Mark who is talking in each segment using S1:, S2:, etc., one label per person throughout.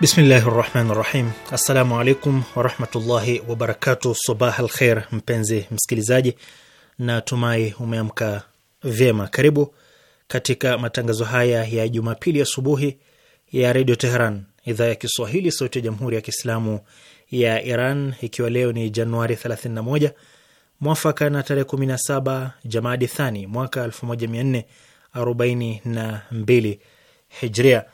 S1: Bismillahi rahmani rahim. Assalamu alaikum warahmatullahi wabarakatuh. Sabah al mpenzi msikilizaji, na tumai umeamka vyema. Karibu katika matangazo haya ya Jumapili asubuhi ya, ya redio Teheran idhaa ya Kiswahili, sauti ya jamhuri ya Kiislamu ya Iran, ikiwa leo ni Januari 31 mwafaka na tarehe 17 Jamadi Thani mwaka 1442 Hijria.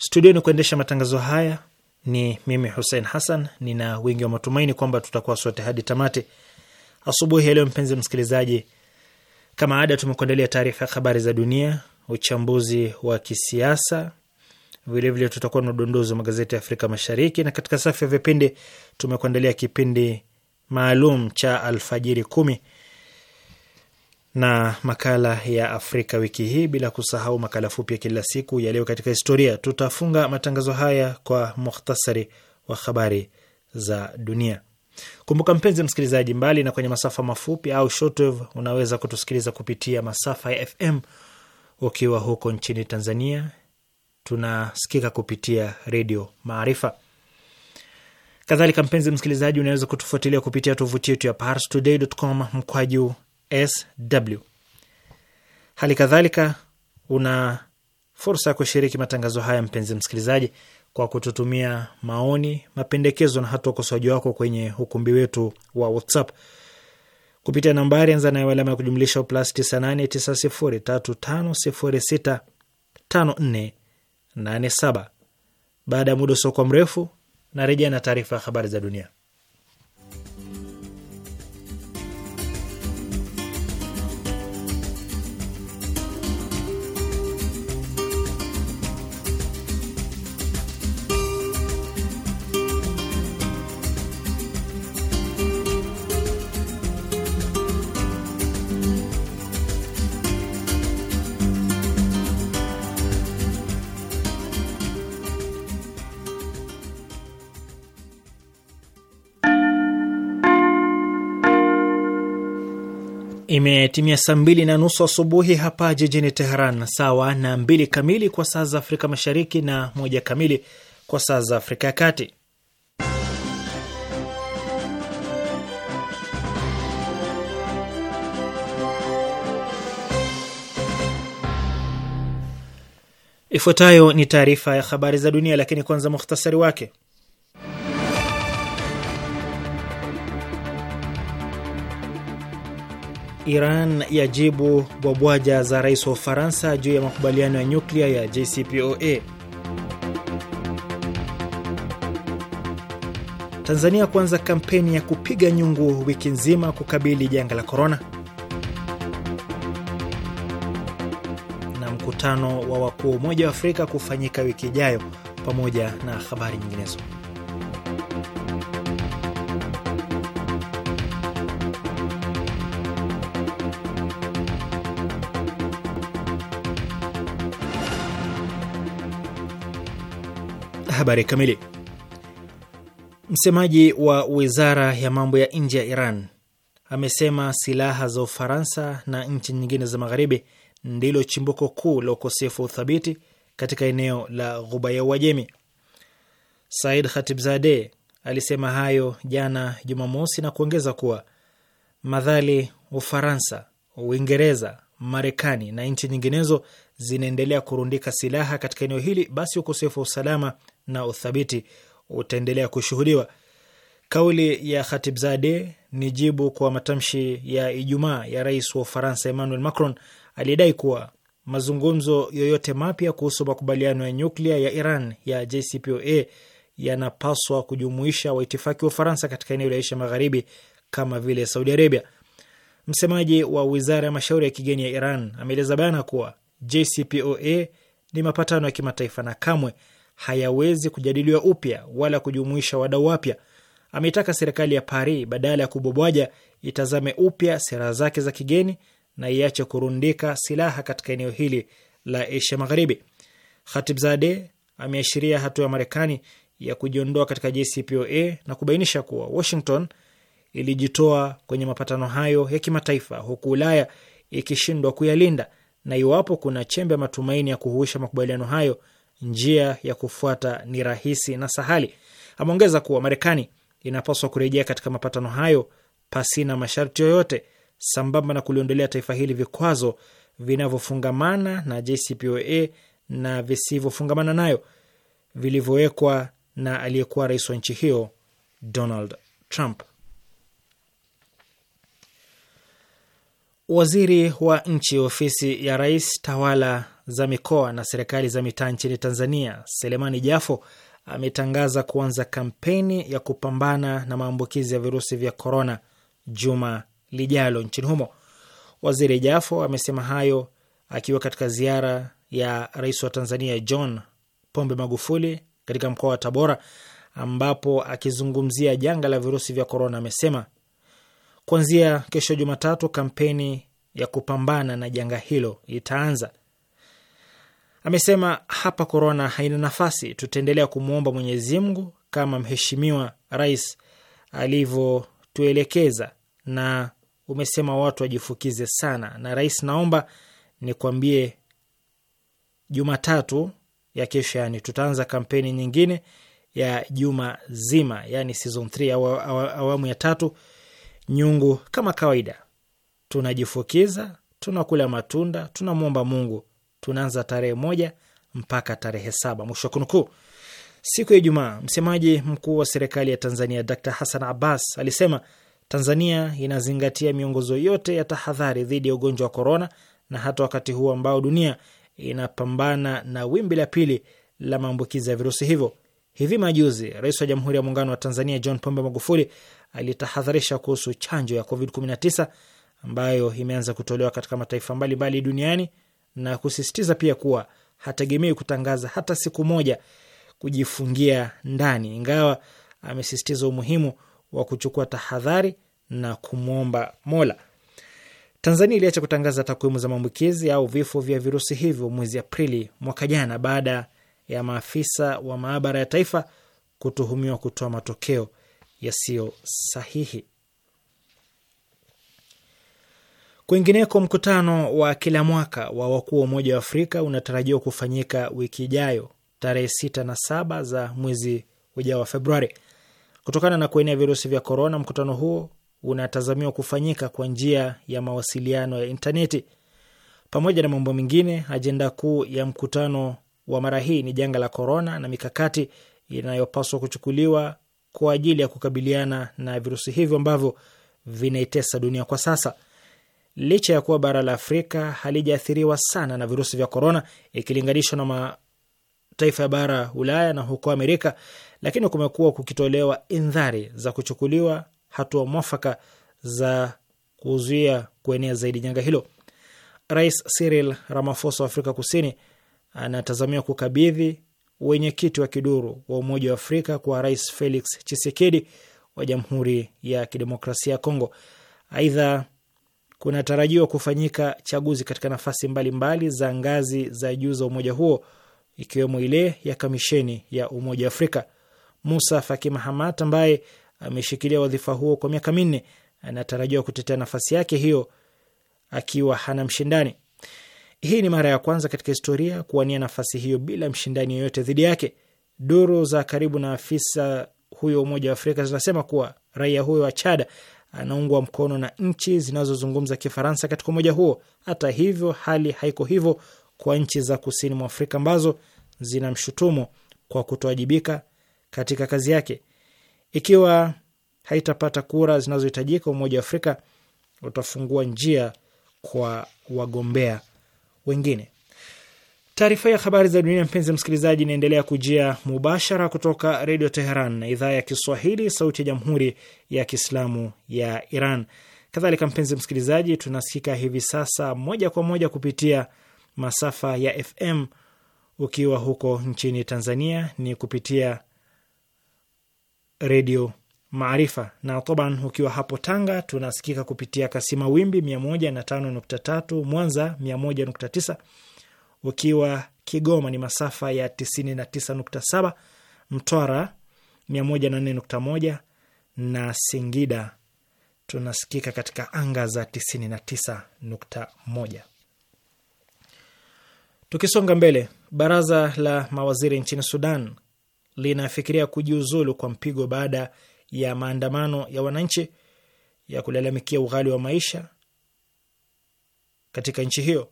S1: Studioni kuendesha matangazo haya ni mimi Hussein Hassan. Nina wingi wa matumaini kwamba tutakuwa sote hadi tamati asubuhi ya leo. Mpenzi msikilizaji, kama ada, tumekuandalia taarifa ya habari za dunia, uchambuzi wa kisiasa, vilevile tutakuwa na udondozi wa magazeti ya Afrika Mashariki, na katika safu ya vipindi tumekuandalia kipindi maalum cha Alfajiri Kumi na makala ya Afrika wiki hii, bila kusahau makala fupi ya kila siku ya leo katika historia. Tutafunga matangazo haya kwa mukhtasari wa habari za dunia. Kumbuka mpenzi msikilizaji, mbali na kwenye masafa mafupi au shortwave, unaweza kutusikiliza kupitia masafa ya FM. Ukiwa huko nchini Tanzania, tunasikika kupitia Redio Maarifa. Kadhalika mpenzi msikilizaji, unaweza kutufuatilia kupitia tovuti yetu ya parstoday.com mkwaju sw. Hali kadhalika una fursa ya kushiriki matangazo haya, mpenzi msikilizaji, kwa kututumia maoni, mapendekezo na hata ukosoaji wako kwenye ukumbi wetu wa WhatsApp kupitia nambari anza nayo alama ya kujumlisha plus 989035065487. Baada ya muda usiokuwa mrefu, narejea na taarifa ya habari za dunia. Imetimia saa mbili na nusu asubuhi hapa jijini Teheran, sawa na mbili kamili kwa saa za Afrika Mashariki na moja kamili kwa saa za Afrika ya Kati. Ifuatayo ni taarifa ya habari za dunia, lakini kwanza muhtasari wake. Iran yajibu bwabwaja za rais wa Ufaransa juu ya makubaliano ya nyuklia ya JCPOA. Tanzania kuanza kampeni ya kupiga nyungu wiki nzima kukabili janga la korona. Na mkutano wa wakuu wa Umoja wa Afrika kufanyika wiki ijayo, pamoja na habari nyinginezo. Habari kamili. Msemaji wa wizara ya mambo ya nje ya Iran amesema silaha za Ufaransa na nchi nyingine za Magharibi ndilo chimbuko kuu la ukosefu wa uthabiti katika eneo la Ghuba ya Uajemi. Said Khatibzade alisema hayo jana Jumamosi na kuongeza kuwa madhali Ufaransa, Uingereza, Marekani na nchi nyinginezo zinaendelea kurundika silaha katika eneo hili, basi ukosefu wa usalama na uthabiti utaendelea kushuhudiwa. Kauli ya Khatibzade ni jibu kwa matamshi ya Ijumaa ya rais wa Ufaransa Emmanuel Macron aliyedai kuwa mazungumzo yoyote mapya kuhusu makubaliano ya nyuklia ya Iran ya JCPOA yanapaswa kujumuisha waitifaki wa Ufaransa katika eneo la Asia Magharibi kama vile Saudi Arabia. Msemaji wa wizara ya mashauri ya kigeni ya Iran ameeleza bayana kuwa JCPOA ni mapatano ya kimataifa na kamwe hayawezi kujadiliwa upya wala kujumuisha wadau wapya. Ameitaka serikali ya Paris badala ya kubobwaja itazame upya sera zake za kigeni na iache kurundika silaha katika eneo hili la Asia Magharibi. Khatibzade ameashiria hatua ya Marekani ya kujiondoa katika JCPOA na kubainisha kuwa Washington ilijitoa kwenye mapatano hayo ya kimataifa huku Ulaya ikishindwa kuyalinda, na iwapo kuna chembe ya matumaini ya kuhuisha makubaliano hayo njia ya kufuata ni rahisi na sahali. Ameongeza kuwa Marekani inapaswa kurejea katika mapatano hayo pasina masharti yoyote, sambamba na kuliondolea taifa hili vikwazo vinavyofungamana na JCPOA na visivyofungamana nayo vilivyowekwa na aliyekuwa rais wa nchi hiyo Donald Trump. Waziri wa nchi ofisi ya rais tawala za mikoa na serikali za mitaa nchini Tanzania, Selemani Jafo ametangaza kuanza kampeni ya kupambana na maambukizi ya virusi vya korona juma lijalo nchini humo. Waziri Jafo amesema hayo akiwa katika ziara ya rais wa Tanzania John Pombe Magufuli katika mkoa wa Tabora, ambapo akizungumzia janga la virusi vya korona amesema Kuanzia kesho Jumatatu, kampeni ya kupambana na janga hilo itaanza. Amesema hapa korona haina nafasi, tutaendelea kumwomba Mwenyezi Mungu kama Mheshimiwa Rais alivyotuelekeza, na umesema watu wajifukize sana. Na rais, naomba nikwambie, Jumatatu ya kesho, yani tutaanza kampeni nyingine ya juma zima, yani season 3 au awamu ya tatu nyungu kama kawaida, tunajifukiza, tunakula matunda, tunamwomba Mungu. Tunaanza tarehe moja mpaka tarehe saba mwisho wa kunukuu. Siku ya Ijumaa, msemaji mkuu wa serikali ya Tanzania Dr Hassan Abbas alisema Tanzania inazingatia miongozo yote ya tahadhari dhidi ya ugonjwa wa korona, na hata wakati huu ambao dunia inapambana na wimbi la pili la maambukizi ya virusi hivyo. Hivi majuzi, rais wa Jamhuri ya Muungano wa Tanzania John Pombe Magufuli alitahadharisha kuhusu chanjo ya COVID-19 ambayo imeanza kutolewa katika mataifa mbalimbali duniani na kusisitiza pia kuwa hategemei kutangaza hata siku moja kujifungia ndani, ingawa amesisitiza umuhimu wa kuchukua tahadhari na kumwomba Mola. Tanzania iliacha kutangaza takwimu za maambukizi au vifo vya virusi hivyo mwezi Aprili mwaka jana baada ya maafisa wa maabara ya taifa kutuhumiwa kutoa matokeo yasiyo sahihi. Kwingineko, mkutano wa kila mwaka wa wakuu wa Umoja wa Afrika unatarajiwa kufanyika wiki ijayo tarehe sita na saba za mwezi ujao wa Februari. Kutokana na kuenea virusi vya korona, mkutano huo unatazamiwa kufanyika kwa njia ya mawasiliano ya intaneti. Pamoja na mambo mengine, ajenda kuu ya mkutano wa mara hii ni janga la korona na mikakati inayopaswa kuchukuliwa kwa ajili ya kukabiliana na virusi hivyo ambavyo vinaitesa dunia kwa sasa. Licha ya kuwa bara la Afrika halijaathiriwa sana na virusi vya korona ikilinganishwa na mataifa ya bara Ulaya na huko Amerika, lakini kumekuwa kukitolewa indhari za kuchukuliwa hatua mwafaka za kuzuia kuenea zaidi janga hilo. Rais Cyril Ramaphosa wa Afrika Kusini anatazamiwa kukabidhi wenyekiti wa kiduru wa Umoja wa Afrika kwa Rais Felix chisekedi wa Jamhuri ya Kidemokrasia ya Kongo. Aidha, kunatarajiwa kufanyika chaguzi katika nafasi mbalimbali mbali za ngazi za juu za umoja huo ikiwemo ile ya kamisheni ya Umoja wa Afrika. Musa Faki Mahamat ambaye ameshikilia wadhifa huo kwa miaka minne anatarajiwa kutetea nafasi yake hiyo akiwa hana mshindani. Hii ni mara ya kwanza katika historia kuwania nafasi hiyo bila mshindani yoyote dhidi yake. Duru za karibu na afisa huyo Umoja wa Afrika zinasema kuwa raia huyo wa Chad anaungwa mkono na nchi zinazozungumza Kifaransa katika umoja huo. Hata hivyo, hali haiko hivyo kwa nchi za kusini mwa Afrika ambazo zinamshutumu kwa kutowajibika katika kazi yake. Ikiwa haitapata kura zinazohitajika, Umoja wa Afrika utafungua njia kwa wagombea wengine. Taarifa ya habari za dunia, mpenzi msikilizaji, inaendelea kujia mubashara kutoka Redio Teheran na idhaa ya Kiswahili, sauti ya jamhuri ya kiislamu ya Iran. Kadhalika mpenzi msikilizaji, tunasikika hivi sasa moja kwa moja kupitia masafa ya FM. Ukiwa huko nchini Tanzania ni kupitia redio Maarifa na toban. Ukiwa hapo Tanga tunasikika kupitia kasima wimbi 105.3, Mwanza 101.9. Ukiwa Kigoma ni masafa ya 99.7, Mtwara 104.1 na Singida tunasikika katika anga za 99.1. Tukisonga mbele, baraza la mawaziri nchini Sudan linafikiria kujiuzulu kwa mpigo baada ya maandamano ya wananchi ya kulalamikia ughali wa maisha katika nchi hiyo.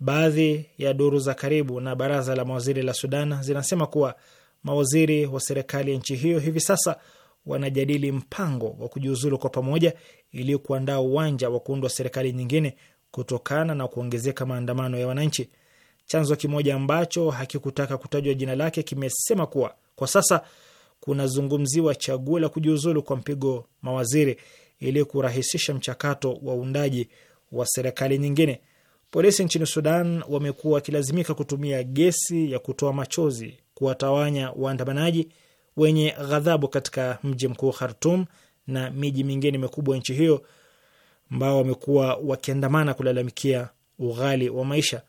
S1: Baadhi ya duru za karibu na baraza la mawaziri la Sudan zinasema kuwa mawaziri wa serikali ya nchi hiyo hivi sasa wanajadili mpango wa kujiuzulu kwa pamoja ili kuandaa uwanja wa kuundwa serikali nyingine kutokana na kuongezeka maandamano ya wananchi. Chanzo kimoja ambacho hakikutaka kutajwa jina lake kimesema kuwa kwa sasa kunazungumziwa chaguo la kujiuzulu kwa mpigo mawaziri ili kurahisisha mchakato wa uundaji wa serikali nyingine. Polisi nchini Sudan wamekuwa wakilazimika kutumia gesi ya kutoa machozi kuwatawanya waandamanaji wenye ghadhabu katika mji mkuu Khartum na miji mingine mikubwa nchi hiyo ambao wamekuwa wakiandamana kulalamikia ughali wa maisha.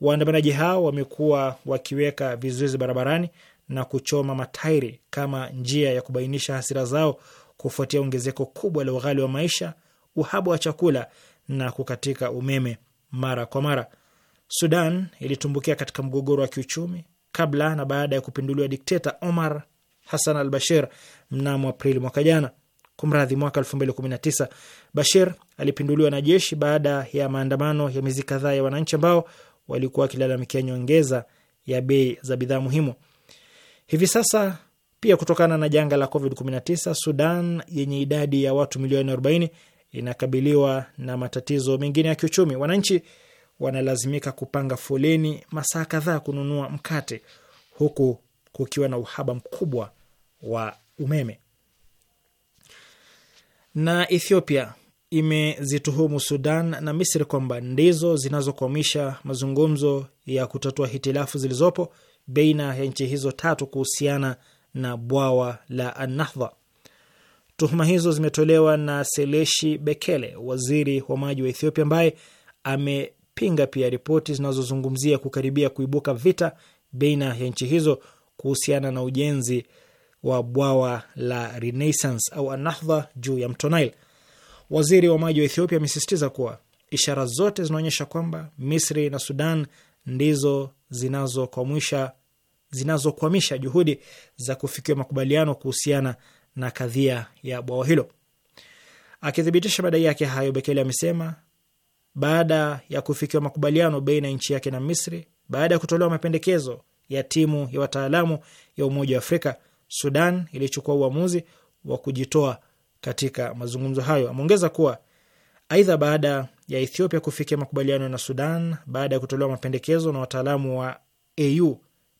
S1: Waandamanaji hao wamekuwa wakiweka vizuizi barabarani na kuchoma matairi kama njia ya kubainisha hasira zao kufuatia ongezeko kubwa la ughali wa maisha, uhaba wa chakula na kukatika umeme mara kwa mara. Sudan ilitumbukia katika mgogoro wa kiuchumi kabla na baada ya kupinduliwa dikteta Omar Hassan al Bashir mnamo Aprili mwaka jana. Kumradhi, mwaka 2019 Bashir alipinduliwa na jeshi baada ya maandamano ya miezi kadhaa ya wananchi ambao walikuwa wakilalamikia nyongeza ya bei za bidhaa muhimu. Hivi sasa pia kutokana na janga la COVID-19, Sudan yenye idadi ya watu milioni 40 inakabiliwa na matatizo mengine ya kiuchumi. Wananchi wanalazimika kupanga foleni masaa kadhaa kununua mkate, huku kukiwa na uhaba mkubwa wa umeme. Na Ethiopia imezituhumu Sudan na Misri kwamba ndizo zinazokwamisha mazungumzo ya kutatua hitilafu zilizopo baina ya nchi hizo tatu kuhusiana na bwawa la Anahdha. Tuhuma hizo zimetolewa na Seleshi Bekele, waziri wa maji wa Ethiopia, ambaye amepinga pia ripoti zinazozungumzia kukaribia kuibuka vita baina ya nchi hizo kuhusiana na ujenzi wa bwawa la Renaissance au Anahdha juu ya mto Nile. Waziri wa maji wa Ethiopia amesisitiza kuwa ishara zote zinaonyesha kwamba Misri na Sudan ndizo zinazokwamisha zinazokwamisha juhudi za kufikiwa makubaliano kuhusiana na kadhia ya bwawa hilo. Akithibitisha madai yake hayo, Bekele amesema baada ya kufikiwa makubaliano baina ya nchi yake na Misri, baada ya kutolewa mapendekezo ya timu ya wataalamu ya Umoja wa Afrika, Sudan ilichukua uamuzi wa kujitoa katika mazungumzo hayo. Ameongeza kuwa Aidha, baada ya Ethiopia kufikia makubaliano na Sudan baada ya kutolewa mapendekezo na wataalamu wa AU,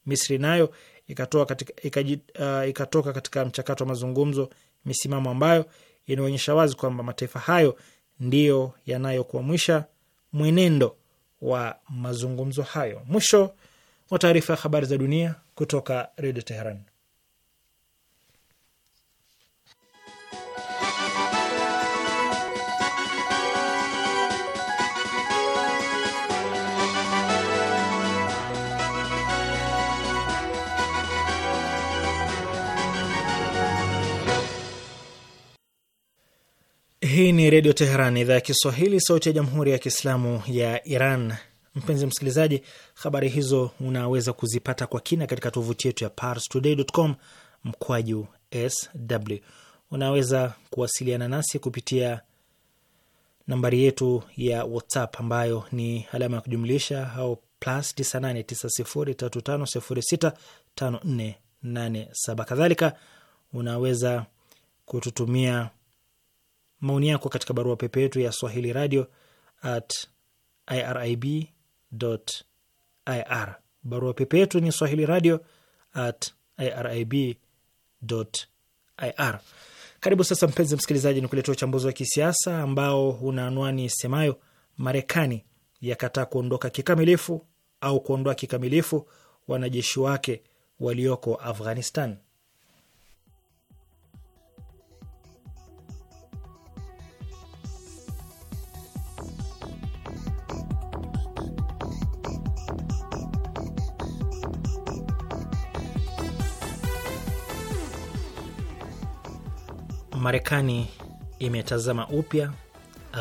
S1: Misri nayo ikatoka katika, ikaji, uh, ikatoka katika mchakato wa mazungumzo misimamo ambayo inaonyesha wazi kwamba mataifa hayo ndiyo yanayokwamisha mwenendo wa mazungumzo hayo. Mwisho wa taarifa ya habari za dunia kutoka Redio Teheran. Hii ni Redio Teheran, idhaa ya Kiswahili, sauti ya Jamhuri ya Kiislamu ya Iran. Mpenzi msikilizaji, habari hizo unaweza kuzipata kwa kina katika tovuti yetu ya parstoday.com mkwaju sw. Unaweza kuwasiliana nasi kupitia nambari yetu ya WhatsApp ambayo ni alama ya kujumlisha au plus 989035065487. Kadhalika unaweza kututumia maoni yako katika barua pepe yetu ya swahili radio at irib ir. Barua pepe yetu ni swahili radio at irib ir. Karibu sasa, mpenzi msikilizaji, ni kuletea uchambuzi wa kisiasa ambao una anwani semayo Marekani yakataa kuondoka kikamilifu au kuondoa kikamilifu wanajeshi wake walioko Afghanistan. Marekani imetazama upya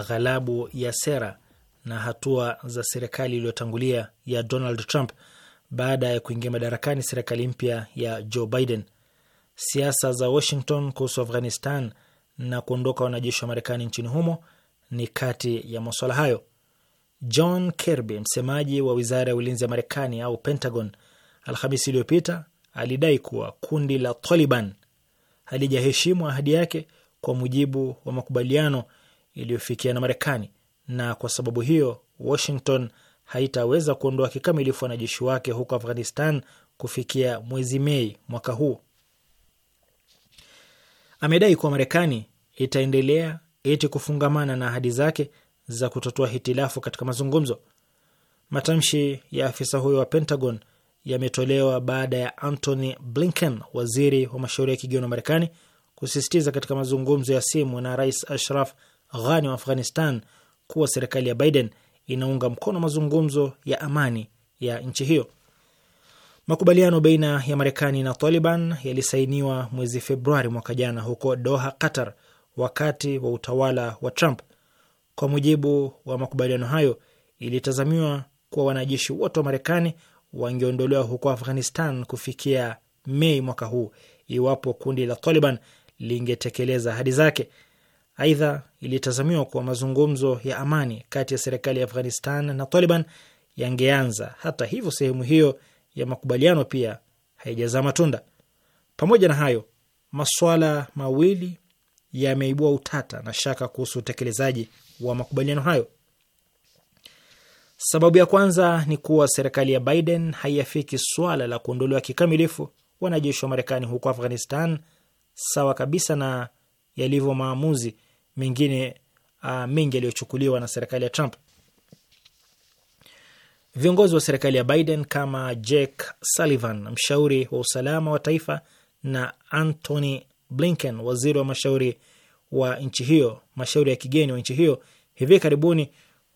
S1: ghalabu ya sera na hatua za serikali iliyotangulia ya Donald Trump baada ya kuingia madarakani serikali mpya ya Joe Biden. Siasa za Washington kuhusu Afghanistan na kuondoka wanajeshi wa Marekani nchini humo ni kati ya maswala hayo. John Kirby, msemaji wa wizara ya ulinzi ya Marekani au Pentagon, Alhamisi iliyopita alidai kuwa kundi la Taliban halijaheshimu ahadi yake kwa mujibu wa makubaliano iliyofikia na Marekani, na kwa sababu hiyo Washington haitaweza kuondoa kikamilifu wanajeshi wake huko Afghanistan kufikia mwezi Mei mwaka huu. Amedai kuwa Marekani itaendelea eti kufungamana na ahadi zake za kutatua hitilafu katika mazungumzo. Matamshi ya afisa huyo wa Pentagon yametolewa baada ya Antony Blinken, waziri wa mashauri ya kigeni wa Marekani, kusisitiza katika mazungumzo ya simu na Rais Ashraf Ghani wa Afghanistan kuwa serikali ya Biden inaunga mkono mazungumzo ya amani ya nchi hiyo. Makubaliano baina ya Marekani na Taliban yalisainiwa mwezi Februari mwaka jana huko Doha, Qatar, wakati wa utawala wa Trump. Kwa mujibu wa makubaliano hayo, ilitazamiwa kuwa wanajeshi wote wa Marekani wangeondolewa huko Afghanistan kufikia Mei mwaka huu iwapo kundi la Taliban lingetekeleza ahadi zake. Aidha, ilitazamiwa kuwa mazungumzo ya amani kati ya serikali ya Afghanistan na Taliban yangeanza. Hata hivyo, sehemu hiyo ya makubaliano pia haijazaa matunda. Pamoja na hayo, maswala mawili yameibua utata na shaka kuhusu utekelezaji wa makubaliano hayo. Sababu ya kwanza ni kuwa serikali ya Biden haiafiki swala la kuondolewa kikamilifu wanajeshi wa Marekani huko Afghanistan, sawa kabisa na yalivyo maamuzi mengine uh, mengi yaliyochukuliwa na serikali ya Trump. Viongozi wa serikali ya Biden kama Jake Sullivan, mshauri wa usalama wa taifa, na Antony Blinken, waziri wa mashauri wa nchi hiyo, mashauri ya kigeni wa nchi hiyo, hivi karibuni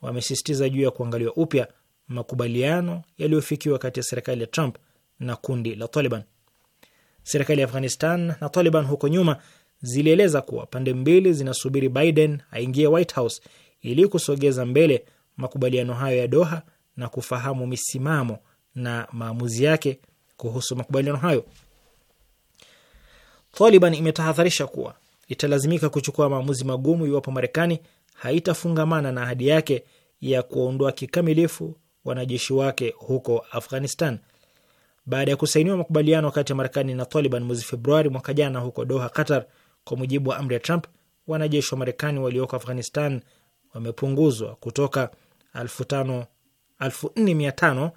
S1: wamesisitiza juu ya kuangaliwa upya makubaliano yaliyofikiwa kati ya serikali ya Trump na kundi la Taliban. Serikali ya Afghanistan na Taliban huko nyuma zilieleza kuwa pande mbili zinasubiri Biden aingie White House ili kusogeza mbele makubaliano hayo ya Doha na kufahamu misimamo na maamuzi yake kuhusu makubaliano hayo. Taliban imetahadharisha kuwa italazimika kuchukua maamuzi magumu iwapo Marekani haitafungamana na ahadi yake ya kuondoa kikamilifu wanajeshi wake huko Afghanistan. Baada ya kusainiwa makubaliano kati ya Marekani na Taliban mwezi Februari mwaka jana huko Doha, Qatar, kwa mujibu wa amri ya Trump, wanajeshi wa Marekani walioko Afghanistan wamepunguzwa kutoka 4500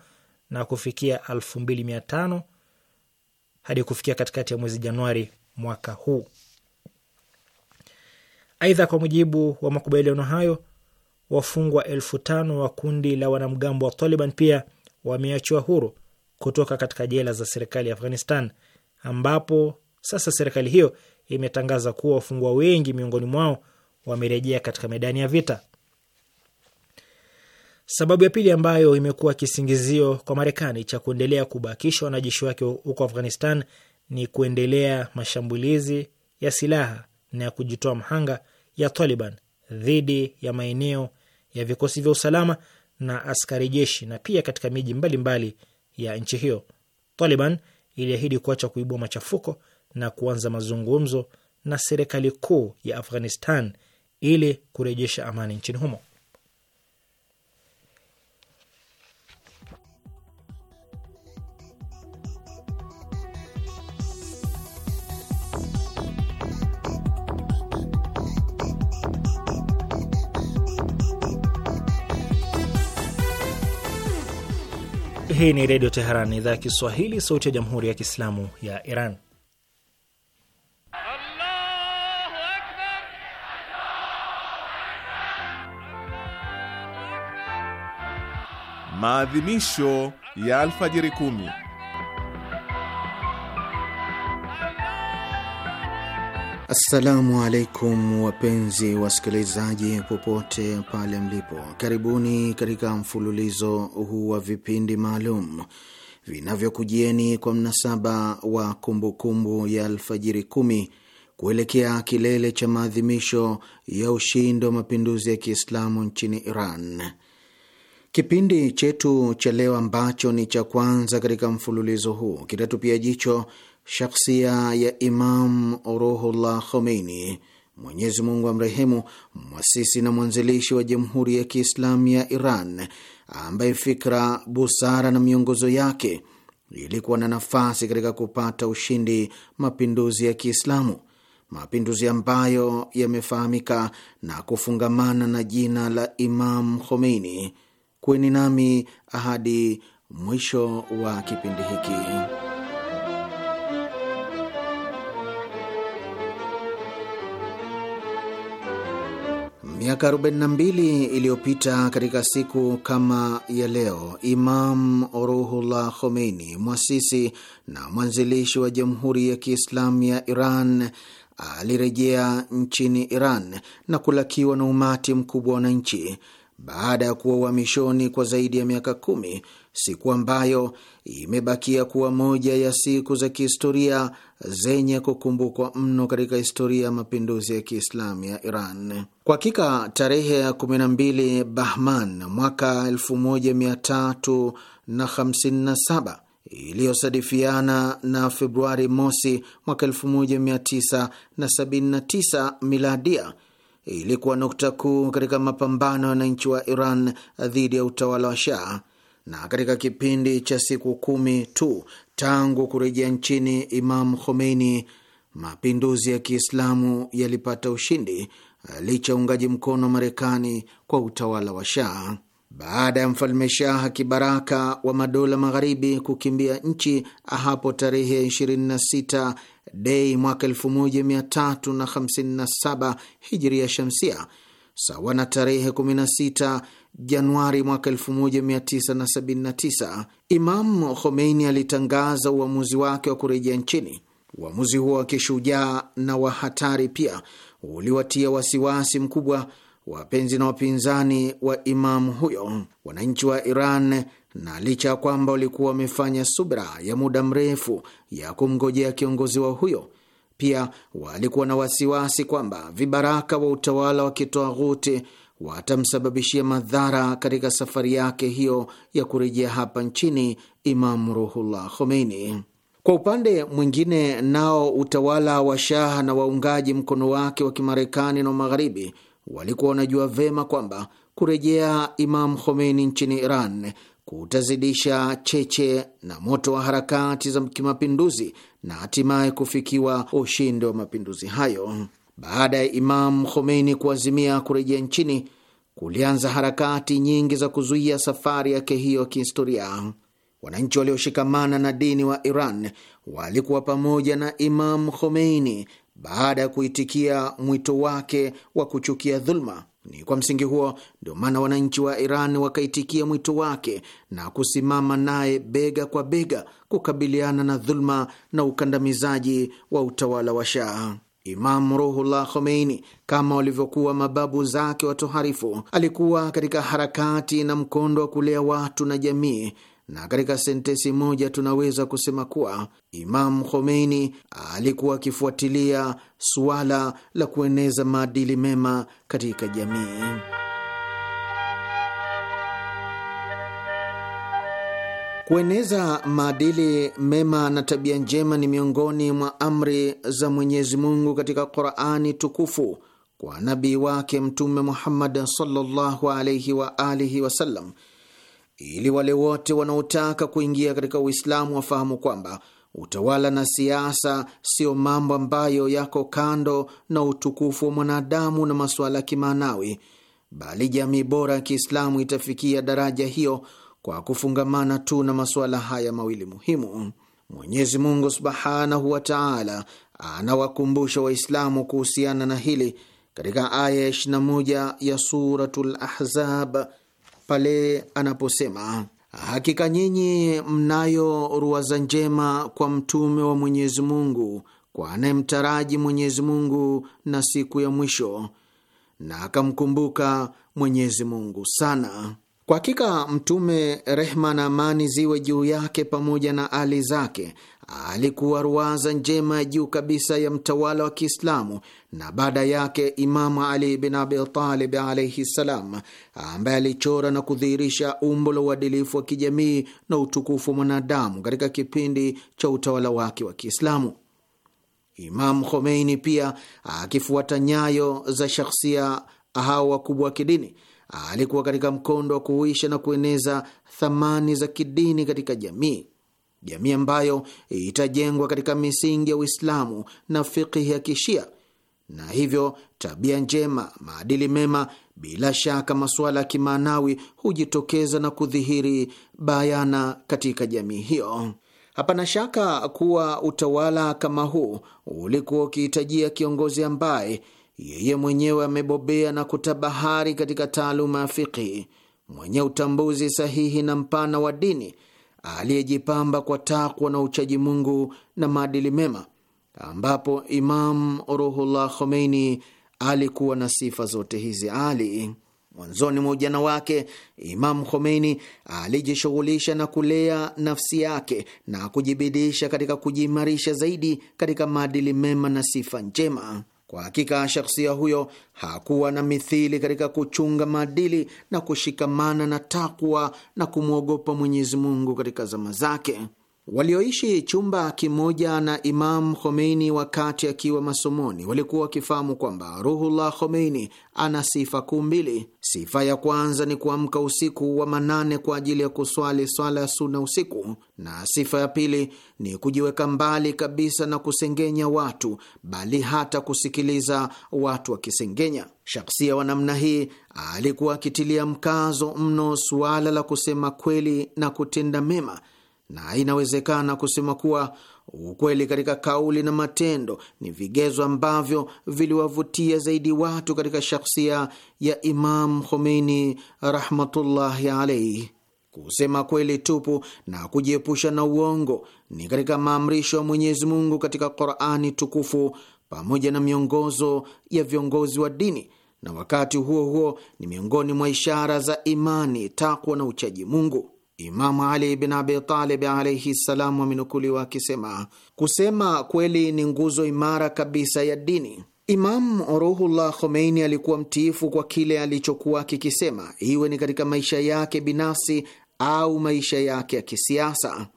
S1: na kufikia 2500 hadi kufikia katikati ya mwezi Januari mwaka huu. Aidha, kwa mujibu wa makubaliano hayo wafungwa elfu tano wa kundi la wanamgambo wa Taliban pia wameachiwa huru kutoka katika jela za serikali ya Afghanistan, ambapo sasa serikali hiyo imetangaza kuwa wafungwa wengi miongoni mwao wamerejea katika medani ya vita. Sababu ya pili ambayo imekuwa kisingizio kwa Marekani cha kuendelea kubakisha wanajeshi wake huko Afghanistan ni kuendelea mashambulizi ya silaha na ya kujitoa mhanga ya Taliban dhidi ya maeneo ya vikosi vya usalama na askari jeshi na pia katika miji mbalimbali ya nchi hiyo. Taliban iliahidi kuacha kuibua machafuko na kuanza mazungumzo na serikali kuu ya Afghanistan ili kurejesha amani nchini humo. Hii ni Redio Teheran, idhaa ya Kiswahili, sauti ya Jamhuri ya Kiislamu ya Iran.
S2: Maadhimisho ya alfajiri kumi
S3: Assalamu alaikum wapenzi wasikilizaji, popote pale mlipo, karibuni katika mfululizo huu wa vipindi maalum vinavyokujieni kwa mnasaba wa kumbukumbu kumbu ya Alfajiri kumi kuelekea kilele cha maadhimisho ya ushindi wa mapinduzi ya Kiislamu nchini Iran. Kipindi chetu cha leo ambacho ni cha kwanza katika mfululizo huu kitatupia jicho shakhsia ya Imam Ruhullah Khomeini, Mwenyezi Mungu amrehemu, mwasisi na mwanzilishi wa Jamhuri ya Kiislamu ya Iran, ambaye fikra, busara na miongozo yake ilikuwa na nafasi katika kupata ushindi mapinduzi ya Kiislamu, mapinduzi ambayo yamefahamika na kufungamana na jina la Imam Khomeini. kweni nami ahadi mwisho wa kipindi hiki. Miaka 42 iliyopita katika siku kama ya leo, Imam Ruhullah Khomeini, mwasisi na mwanzilishi wa Jamhuri ya Kiislamu ya Iran, alirejea nchini Iran na kulakiwa na umati mkubwa wa wananchi baada ya kuwa uhamishoni kwa zaidi ya miaka kumi siku ambayo imebakia kuwa moja ya siku za kihistoria zenye kukumbukwa mno katika historia ya mapinduzi ya Kiislamu ya Iran. Kwa hakika tarehe ya 12 Bahman mwaka 1357 iliyosadifiana na Februari mosi mwaka 1979 miladia ilikuwa nukta kuu katika mapambano ya wananchi wa Iran dhidi ya utawala wa Shah na katika kipindi cha siku kumi tu tangu kurejea nchini Imam Khomeini, mapinduzi ya Kiislamu yalipata ushindi licha uungaji mkono wa Marekani kwa utawala wa Shah. Baada ya mfalme Shah kibaraka wa madola magharibi kukimbia nchi hapo tarehe 26 Dei mwaka 1357 Hijria Shamsia, sawa na tarehe Januari mwaka 1979 Imam Khomeini alitangaza uamuzi wake wa kurejea nchini. Uamuzi huo wa kishujaa na wa hatari pia uliwatia wasiwasi mkubwa wapenzi na wapinzani wa imamu huyo, wananchi wa Iran, na licha ya kwamba walikuwa wamefanya subra ya muda mrefu ya kumngojea kiongozi wao huyo, pia walikuwa na wasiwasi kwamba vibaraka wa utawala wa ghuti watamsababishia madhara katika safari yake hiyo ya kurejea hapa nchini Imam Ruhullah Khomeini. Kwa upande mwingine, nao utawala wa shaha na waungaji mkono wake wa Kimarekani na Magharibi walikuwa wanajua vema kwamba kurejea Imam Khomeini nchini Iran kutazidisha cheche na moto wa harakati za kimapinduzi na hatimaye kufikiwa ushindi wa mapinduzi hayo. Baada ya Imam Khomeini kuazimia kurejea nchini, kulianza harakati nyingi za kuzuia safari yake hiyo kihistoria. Wananchi walioshikamana na dini wa Iran walikuwa pamoja na Imam Khomeini baada ya kuitikia mwito wake wa kuchukia dhuluma. Ni kwa msingi huo ndio maana wananchi wa Iran wakaitikia mwito wake na kusimama naye bega kwa bega kukabiliana na dhuluma na ukandamizaji wa utawala wa Shaha. Imam Ruhullah Khomeini, kama walivyokuwa mababu zake watoharifu, alikuwa katika harakati na mkondo wa kulea watu na jamii, na katika sentesi moja tunaweza kusema kuwa Imam Khomeini alikuwa akifuatilia suala la kueneza maadili mema katika jamii. Kueneza maadili mema na tabia njema ni miongoni mwa amri za Mwenyezi Mungu katika Qurani tukufu kwa nabii wake Mtume Muhammad sallallahu alaihi wa alihi wasallam, ili wale wote wanaotaka kuingia katika Uislamu wafahamu kwamba utawala na siasa siyo mambo ambayo yako kando na utukufu wa mwanadamu na masuala ya kimaanawi, bali jamii bora ya Kiislamu itafikia daraja hiyo kwa kufungamana tu na masuala haya mawili muhimu. Mwenyezi Mungu subhanahu wa taala anawakumbusha Waislamu kuhusiana na hili katika aya ya 21 ya Suratul Ahzab pale anaposema, hakika nyinyi mnayo ruwaza njema kwa mtume wa Mwenyezi Mungu kwa anayemtaraji Mwenyezi Mungu na siku ya mwisho na akamkumbuka Mwenyezi Mungu sana. Kwa hakika Mtume, rehma na amani ziwe juu yake pamoja na ali zake, alikuwa ruwaza njema ya juu kabisa ya mtawala wa Kiislamu na baada yake Imamu Ali bin Abitalib alaihi ssalam, ambaye alichora na kudhihirisha umbo la uadilifu wa kijamii na utukufu wa mwanadamu katika kipindi cha utawala wake wa Kiislamu. Imamu Khomeini pia akifuata nyayo za shakhsia hao wakubwa wa kidini alikuwa katika mkondo wa kuhuisha na kueneza thamani za kidini katika jamii, jamii ambayo itajengwa katika misingi ya Uislamu na fikihi ya Kishia, na hivyo tabia njema, maadili mema, bila shaka masuala ya kimaanawi hujitokeza na kudhihiri bayana katika jamii hiyo. Hapana shaka kuwa utawala kama huu ulikuwa ukihitajia kiongozi ambaye yeye mwenyewe amebobea na kutabahari katika taaluma ya fiqhi, mwenye utambuzi sahihi na mpana wa dini, aliyejipamba kwa takwa na uchaji Mungu na maadili mema, ambapo Imam Ruhullah Khomeini alikuwa na sifa zote hizi ali. Mwanzoni mwa ujana wake Imam Khomeini alijishughulisha na kulea nafsi yake na kujibidisha katika kujiimarisha zaidi katika maadili mema na sifa njema. Kwa hakika shakhsia huyo hakuwa na mithili katika kuchunga maadili na kushikamana na takwa na kumwogopa Mwenyezi Mungu katika zama zake walioishi chumba kimoja na Imam Khomeini wakati akiwa masomoni walikuwa wakifahamu kwamba Ruhullah Khomeini ana sifa kuu mbili. Sifa ya kwanza ni kuamka usiku wa manane kwa ajili ya kuswali swala ya suna usiku, na sifa ya pili ni kujiweka mbali kabisa na kusengenya watu, bali hata kusikiliza watu wakisengenya. Shaksia wa namna hii alikuwa akitilia mkazo mno suala la kusema kweli na kutenda mema na inawezekana kusema kuwa ukweli katika kauli na matendo ni vigezo ambavyo viliwavutia zaidi watu katika shakhsia ya Imam Khomeini rahmatullahi alaihi. Kusema kweli tupu na kujiepusha na uongo ni katika maamrisho ya Mwenyezi Mungu katika Qurani tukufu pamoja na miongozo ya viongozi wa dini, na wakati huo huo ni miongoni mwa ishara za imani, takwa na uchaji Mungu. Imamu Ali bin Abi Talib alaihi ssalam wamenukuliwa akisema, kusema kweli ni nguzo imara kabisa ya dini. Imamu Ruhullah Khomeini alikuwa mtiifu kwa kile alichokuwa kikisema, iwe ni katika maisha yake binafsi au maisha yake ya kisiasa.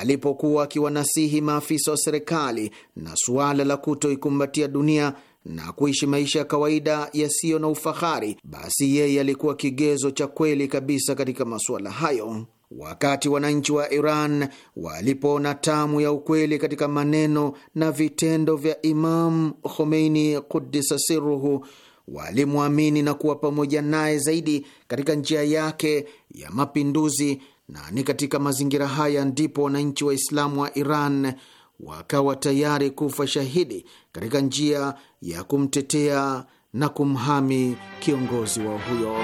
S3: Alipokuwa akiwanasihi maafisa wa serikali na suala la kutoikumbatia dunia na kuishi maisha ya kawaida yasiyo na ufahari, basi yeye alikuwa kigezo cha kweli kabisa katika masuala hayo. Wakati wananchi wa Iran walipoona tamu ya ukweli katika maneno na vitendo vya Imam Khomeini Kudisa Siruhu, walimwamini na kuwa pamoja naye zaidi katika njia yake ya mapinduzi, na ni katika mazingira haya ndipo wananchi Waislamu wa Iran wakawa tayari kufa shahidi katika njia ya kumtetea na kumhami kiongozi wao huyo.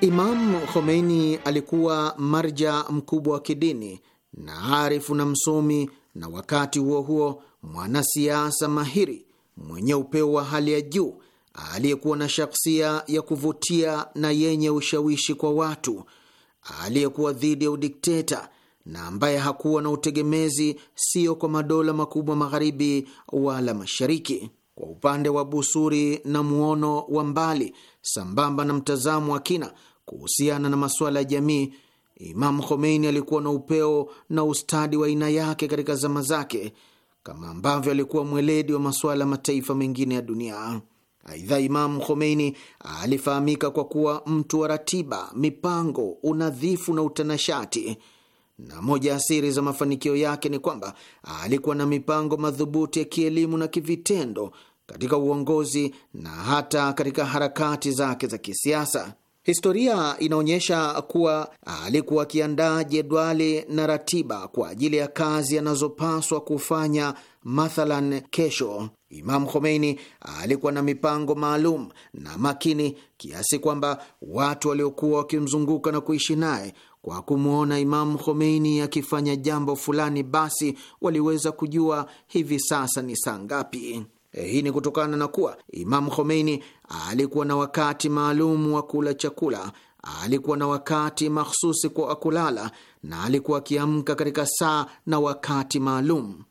S3: Imam Khomeini alikuwa marja mkubwa wa kidini na arifu na msomi, na wakati huo huo mwanasiasa mahiri mwenye upeo wa hali ya juu aliyekuwa na shaksia ya kuvutia na yenye ushawishi kwa watu, aliyekuwa dhidi ya udikteta na ambaye hakuwa na utegemezi, sio kwa madola makubwa magharibi wala mashariki kwa upande wa busuri na muono wa mbali sambamba na mtazamo wa kina kuhusiana na masuala ya jamii, Imam Khomeini alikuwa na upeo na ustadi wa aina yake katika zama zake, kama ambavyo alikuwa mweledi wa masuala mataifa mengine ya dunia. Aidha, Imam Khomeini alifahamika kwa kuwa mtu wa ratiba, mipango, unadhifu na utanashati, na moja ya siri za mafanikio yake ni kwamba alikuwa na mipango madhubuti ya kielimu na kivitendo katika uongozi na hata katika harakati zake za kisiasa. Historia inaonyesha kuwa alikuwa akiandaa jedwali na ratiba kwa ajili ya kazi anazopaswa kufanya. Mathalan, kesho Imam Khomeini alikuwa na mipango maalum na makini kiasi kwamba watu waliokuwa wakimzunguka na kuishi naye kwa kumwona Imamu Khomeini akifanya jambo fulani, basi waliweza kujua hivi sasa ni saa ngapi. Eh, hii ni kutokana na kuwa Imamu Khomeini alikuwa na wakati maalum wa kula chakula, alikuwa na wakati mahsusi kwa kulala na alikuwa akiamka katika saa na wakati maalum.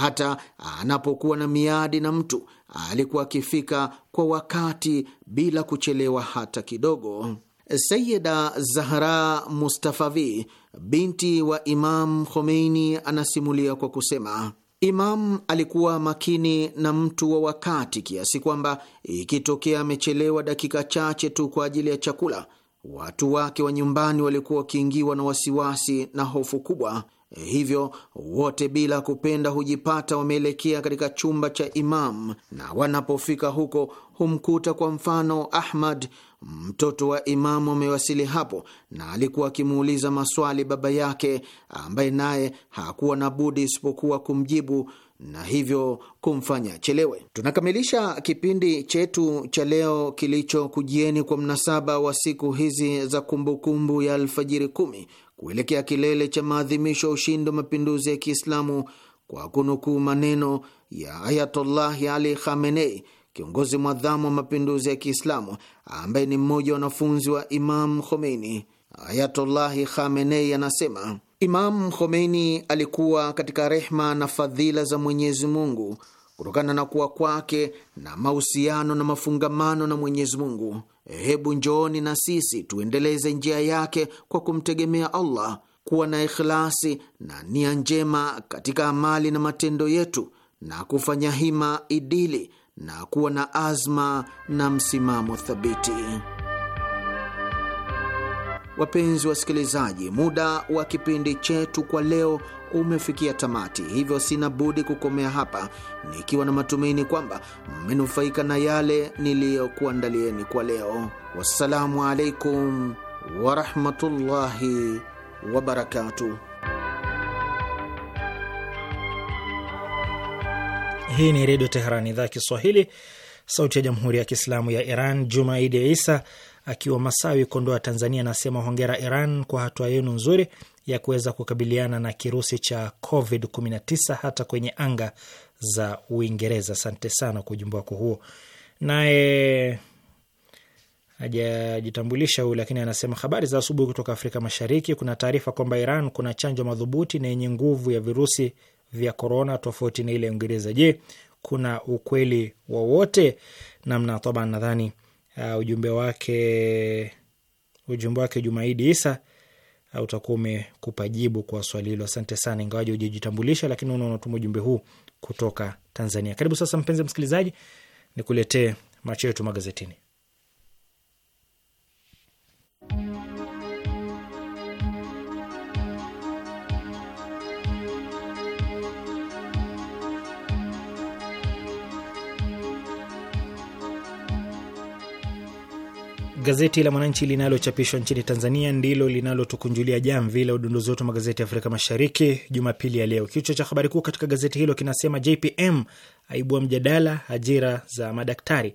S3: Hata anapokuwa na miadi na mtu, alikuwa akifika kwa wakati bila kuchelewa hata kidogo. Sayida Zahra Mustafavi, binti wa Imam Khomeini, anasimulia kwa kusema Imam alikuwa makini na mtu wa wakati kiasi kwamba ikitokea amechelewa dakika chache tu kwa ajili ya chakula, watu wake wa nyumbani walikuwa wakiingiwa na wasiwasi na hofu kubwa. Hivyo wote bila kupenda hujipata wameelekea katika chumba cha Imam, na wanapofika huko humkuta kwa mfano Ahmad Mtoto wa Imamu amewasili hapo na alikuwa akimuuliza maswali baba yake, ambaye naye hakuwa na budi isipokuwa kumjibu na hivyo kumfanya achelewe. Tunakamilisha kipindi chetu cha leo kilichokujieni kwa mnasaba wa siku hizi za kumbukumbu -kumbu ya Alfajiri Kumi kuelekea kilele cha maadhimisho ya ushindi wa mapinduzi ya Kiislamu kwa kunukuu maneno ya Ayatollahi Ali Khamenei kiongozi mwadhamu wa mapinduzi ya Kiislamu ambaye ni mmoja wa wanafunzi wa Imam Khomeini. Ayatullahi Khamenei anasema Imam Khomeini alikuwa katika rehma na fadhila za Mwenyezi Mungu kutokana na kuwa kwake na mahusiano na mafungamano na Mwenyezi Mungu. Hebu njooni na sisi tuendeleze njia yake kwa kumtegemea Allah, kuwa na ikhlasi na nia njema katika amali na matendo yetu, na kufanya hima idili na kuwa na azma na msimamo thabiti. Wapenzi wasikilizaji, muda wa kipindi chetu kwa leo umefikia tamati, hivyo sina budi kukomea hapa nikiwa na matumaini kwamba mmenufaika na yale niliyokuandalieni kwa leo. Wassalamu alaikum warahmatullahi wabarakatuh.
S1: Hii ni Redio Teheran, idhaa ya Kiswahili, sauti ya Jamhuri ya Kiislamu ya Iran. Jumaidi Isa akiwa Masawi, Kondoa, Tanzania, anasema hongera Iran kwa hatua yenu nzuri ya kuweza kukabiliana na kirusi cha COVID-19 hata kwenye anga za Uingereza. Asante sana kwa ujumbe wako huo. Naye hajajitambulisha huyu, lakini anasema habari za asubuhi kutoka Afrika Mashariki. Kuna taarifa kwamba Iran kuna chanjo madhubuti na yenye nguvu ya virusi vya korona tofauti na ile ya Uingereza. Je, kuna ukweli wowote namna? Toba, nadhani uh, ujumbe wake ujumbe wake Jumaidi Isa uh, utakuwa umekupa jibu kwa swali hilo. Asante sana, ingawaje hujajitambulisha, lakini una unatuma ujumbe huu kutoka Tanzania. Karibu sasa, mpenzi msikilizaji, nikuletee macho yetu magazetini. Gazeti la Mwananchi linalochapishwa nchini Tanzania ndilo linalotukunjulia jamvi la udondozi wetu magazeti ya Afrika Mashariki Jumapili ya leo. Kichwa cha habari kuu katika gazeti hilo kinasema JPM aibua mjadala ajira za madaktari.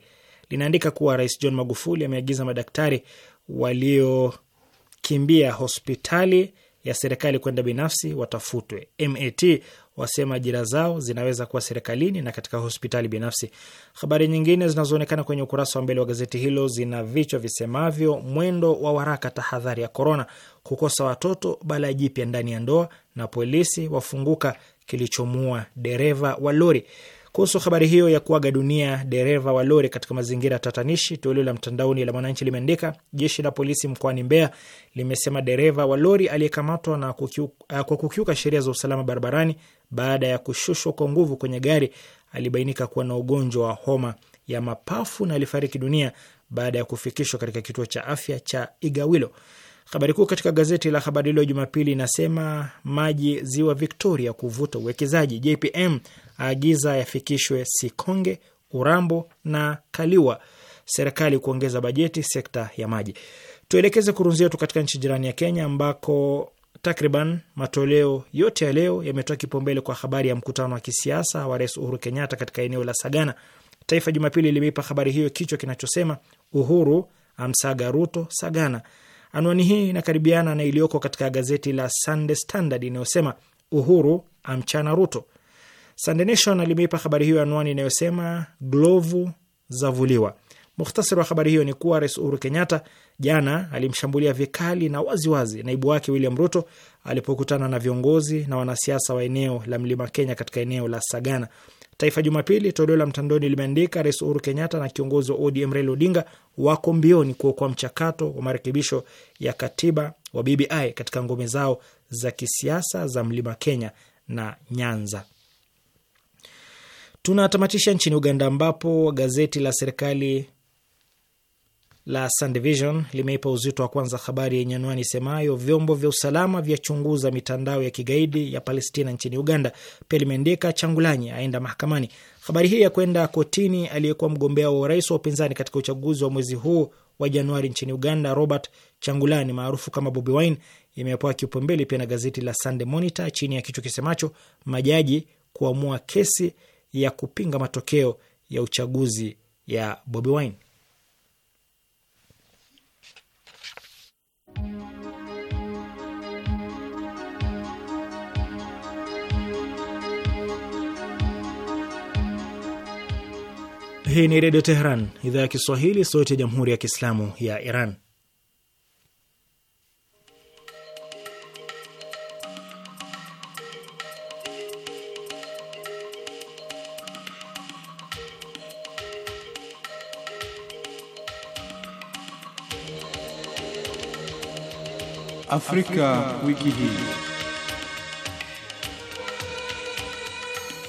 S1: Linaandika kuwa Rais John Magufuli ameagiza madaktari waliokimbia hospitali ya serikali kwenda binafsi watafutwe. MAT wasema ajira zao zinaweza kuwa serikalini na katika hospitali binafsi. Habari nyingine zinazoonekana kwenye ukurasa wa mbele wa gazeti hilo zina vichwa visemavyo: mwendo wa waraka, tahadhari ya korona, kukosa watoto balaa jipya ndani ya ndoa, na polisi wafunguka kilichomua dereva wa lori. Kuhusu habari hiyo ya kuaga dunia dereva wa lori katika mazingira tatanishi, toleo la mtandaoni la Mwananchi limeandika jeshi la polisi mkoani Mbeya limesema dereva wa lori aliyekamatwa na kukiu, uh, kwa kukiuka sheria za usalama barabarani baada ya kushushwa kwa nguvu kwenye gari, alibainika kuwa na ugonjwa wa homa ya mapafu na alifariki dunia baada ya kufikishwa katika kituo cha afya cha Igawilo. Habari kuu katika gazeti la Habari Leo Jumapili inasema maji ziwa Victoria kuvuta uwekezaji, JPM aagiza yafikishwe Sikonge, Urambo na Kaliwa, serikali kuongeza bajeti sekta ya maji. Tuelekeze kurunzi yetu katika nchi jirani ya Kenya ambako takriban matoleo yote ya leo yametoa kipaumbele kwa habari ya mkutano wa kisiasa wa Rais Uhuru Kenyatta katika eneo la Sagana. Taifa Jumapili limeipa habari hiyo kichwa kinachosema Uhuru amsaga Ruto Sagana. Anwani hii inakaribiana na iliyoko katika gazeti la Sunday Standard inayosema Uhuru amchana Ruto. Sunday Nation limeipa habari hiyo anwani inayosema glovu zavuliwa. Muhtasari wa habari hiyo ni kuwa Rais Uhuru Kenyatta jana alimshambulia vikali na waziwazi wazi naibu wake William Ruto alipokutana na viongozi na wanasiasa wa eneo la Mlima Kenya katika eneo la Sagana. Taifa Jumapili toleo la mtandaoni limeandika Rais Uhuru Kenyatta na kiongozi wa ODM Raila Odinga wako mbioni kuokoa mchakato wa marekebisho ya katiba wa BBI katika ngome zao za kisiasa za Mlima Kenya na Nyanza. Tunatamatisha nchini Uganda ambapo gazeti la serikali la Sun Division limeipa uzito wa kwanza habari yenye anwani isemayo vyombo vya usalama vyachunguza mitandao ya kigaidi ya Palestina nchini Uganda. Pia limeandika Changulanyi aenda mahakamani. Habari hii ya kwenda kotini aliyekuwa mgombea wa urais wa upinzani katika uchaguzi wa mwezi huu wa Januari nchini Uganda, Robert Changulani maarufu kama Bobi Wine, imepewa kipaumbele pia na gazeti la Sunday Monitor chini ya kichwa kisemacho majaji kuamua kesi ya kupinga matokeo ya uchaguzi ya Bobi Wine. Hii ni Redio Teheran, idhaa ya Kiswahili, sauti ya Jamhuri ya Kiislamu ya Iran.
S2: Afrika, Afrika wiki hii.